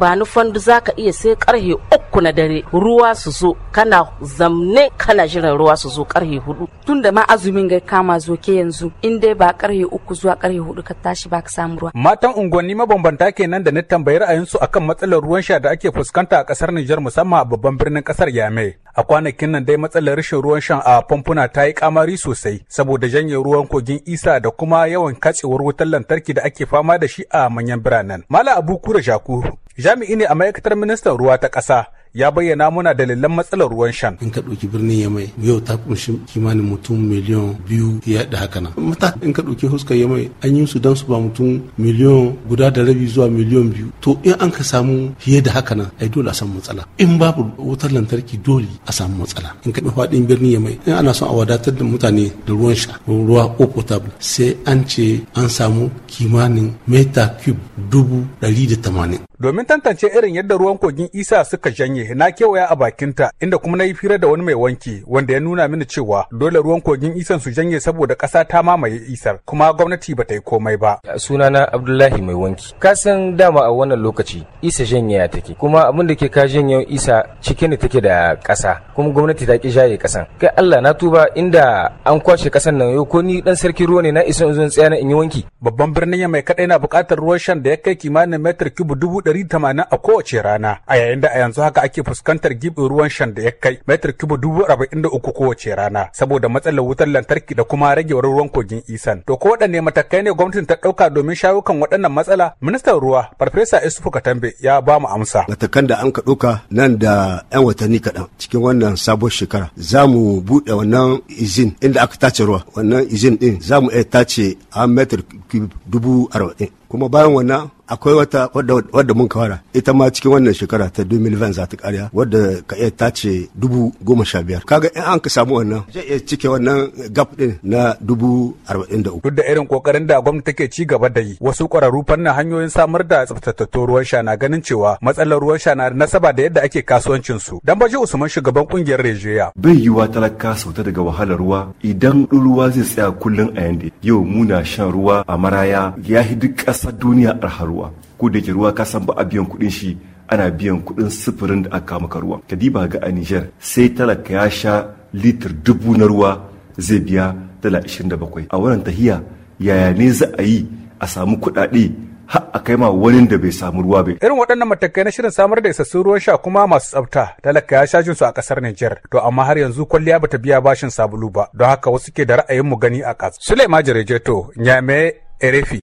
ba nufan fandu za ka iya sai karhe uku na dare ruwa su zo kana zamne kana jiran ruwa su zo karhe hudu tun da ma azumin ga kama zo ke yanzu in dai ba karhe uku zuwa karhe hudu ka tashi ba ka samu ruwa matan unguwanni mabambanta kenan da na tambayi ra'ayinsu akan matsalar ruwan sha da ake fuskanta a kasar Nijar musamman a babban birnin kasar yame a kwanakin nan dai matsalar rashin ruwan shan a famfuna ta yi kamari sosai saboda janye ruwan kogin isa da kuma yawan katsewar wutar lantarki da ake fama da shi a manyan biranen mala abu kura jaku jami'i ne a ma'aikatar ministan ruwa ta ƙasa ya bayyana muna dalilan matsalar ruwan shan. In ka ɗauki birnin Yamai yau ta kunshi kimanin mutum miliyan biyu ya da haka nan. Mata in ka ɗauki huskar Yamai an yi su dan su ba mutum miliyan guda da rabi zuwa miliyan biyu. To in an ka samu fiye da haka nan ai dole a samu matsala. In babu wutar lantarki dole a samu matsala. In ka ɗauki faɗin birnin Yamai in ana son a wadatar da mutane da ruwan sha ruwa ko potable sai an ce an samu kimanin meta cube dubu ɗari da tamanin. Domin tantance irin yadda ruwan kogin isa suka janye na kewaya a bakinta inda kuma na yi fira da wani mai wanki wanda ya nuna mini cewa dole ruwan kogin isan su janye saboda ƙasa ta mamaye isar kuma gwamnati ba ta yi komai ba. Sunana Abdullahi mai wanki. Ka san dama a wannan lokaci isa janye ya take kuma abin da ke ka janye isa cike ne take da ƙasa kuma gwamnati ta ki jaye ƙasan. Kai Allah na tuba inda an kwashe ƙasan nan yau ko ni dan sarki ruwa ne na isa in tsaya na in yi wanki. Babban birnin ya mai kaɗai na buƙatar ruwan shan da ya kai kimanin metar kibu dubu ɗari tamanin a kowace rana a yayin da a yanzu haka ake fuskantar gibin ruwan shan da ya kai metar cubic dubu arba'in da uku kowace rana saboda matsalar wutar lantarki da kuma ragewar ruwan kogin isan. To ko waɗanne matakai ne gwamnatin ta ɗauka domin shawo kan waɗannan matsala? Ministan ruwa Farfesa Isufu Katambe ya ba mu amsa. Matakan da an ka ɗauka nan da 'yan watanni kaɗan cikin wannan sabon shekara za mu buɗe wannan izin inda aka tace ruwa wannan izin ɗin za mu iya tace a metar dubu arba'in. kuma bayan wannan akwai wata wadda, mun kawara ita ma cikin wannan shekara ta 2020 za ta karya wadda ka iya tace dubu goma sha biyar kaga in an ka samu wannan zai iya cike wannan gap din na dubu arba'in da uku duk da irin kokarin da gwamnati take ci gaba da yi wasu kwararru fannin hanyoyin samar da tsaftatattun ruwan sha na ganin cewa matsalar ruwan sha na nasaba da yadda ake kasuwancin su dan baje usman shugaban kungiyar rejiya bai yiwa talaka sauta daga wahalar ruwa idan ruwa zai tsaya kullun a yande yau muna shan ruwa a maraya ya duk ƙasar duniya arha ruwa ko da ruwa ka san ba a biyan kuɗin shi ana biyan kuɗin sufurin da aka maka ruwa Kadiba ga a Niger sai talaka ya sha litir dubu na ruwa zai biya dala 27 a wannan tahiya yaya ne za a yi a samu kuɗaɗe har a kai ma wani da bai samu ruwa ba. Irin waɗannan matakai na shirin samar da isassun ruwan sha kuma masu tsafta talaka ya shajin su a ƙasar Nijar. To amma har yanzu kwalliya bata biya bashin sabulu ba don haka wasu ke da ra'ayin mu gani a ƙasa. Sulaiman Jarejeto, Nyame, Erefi.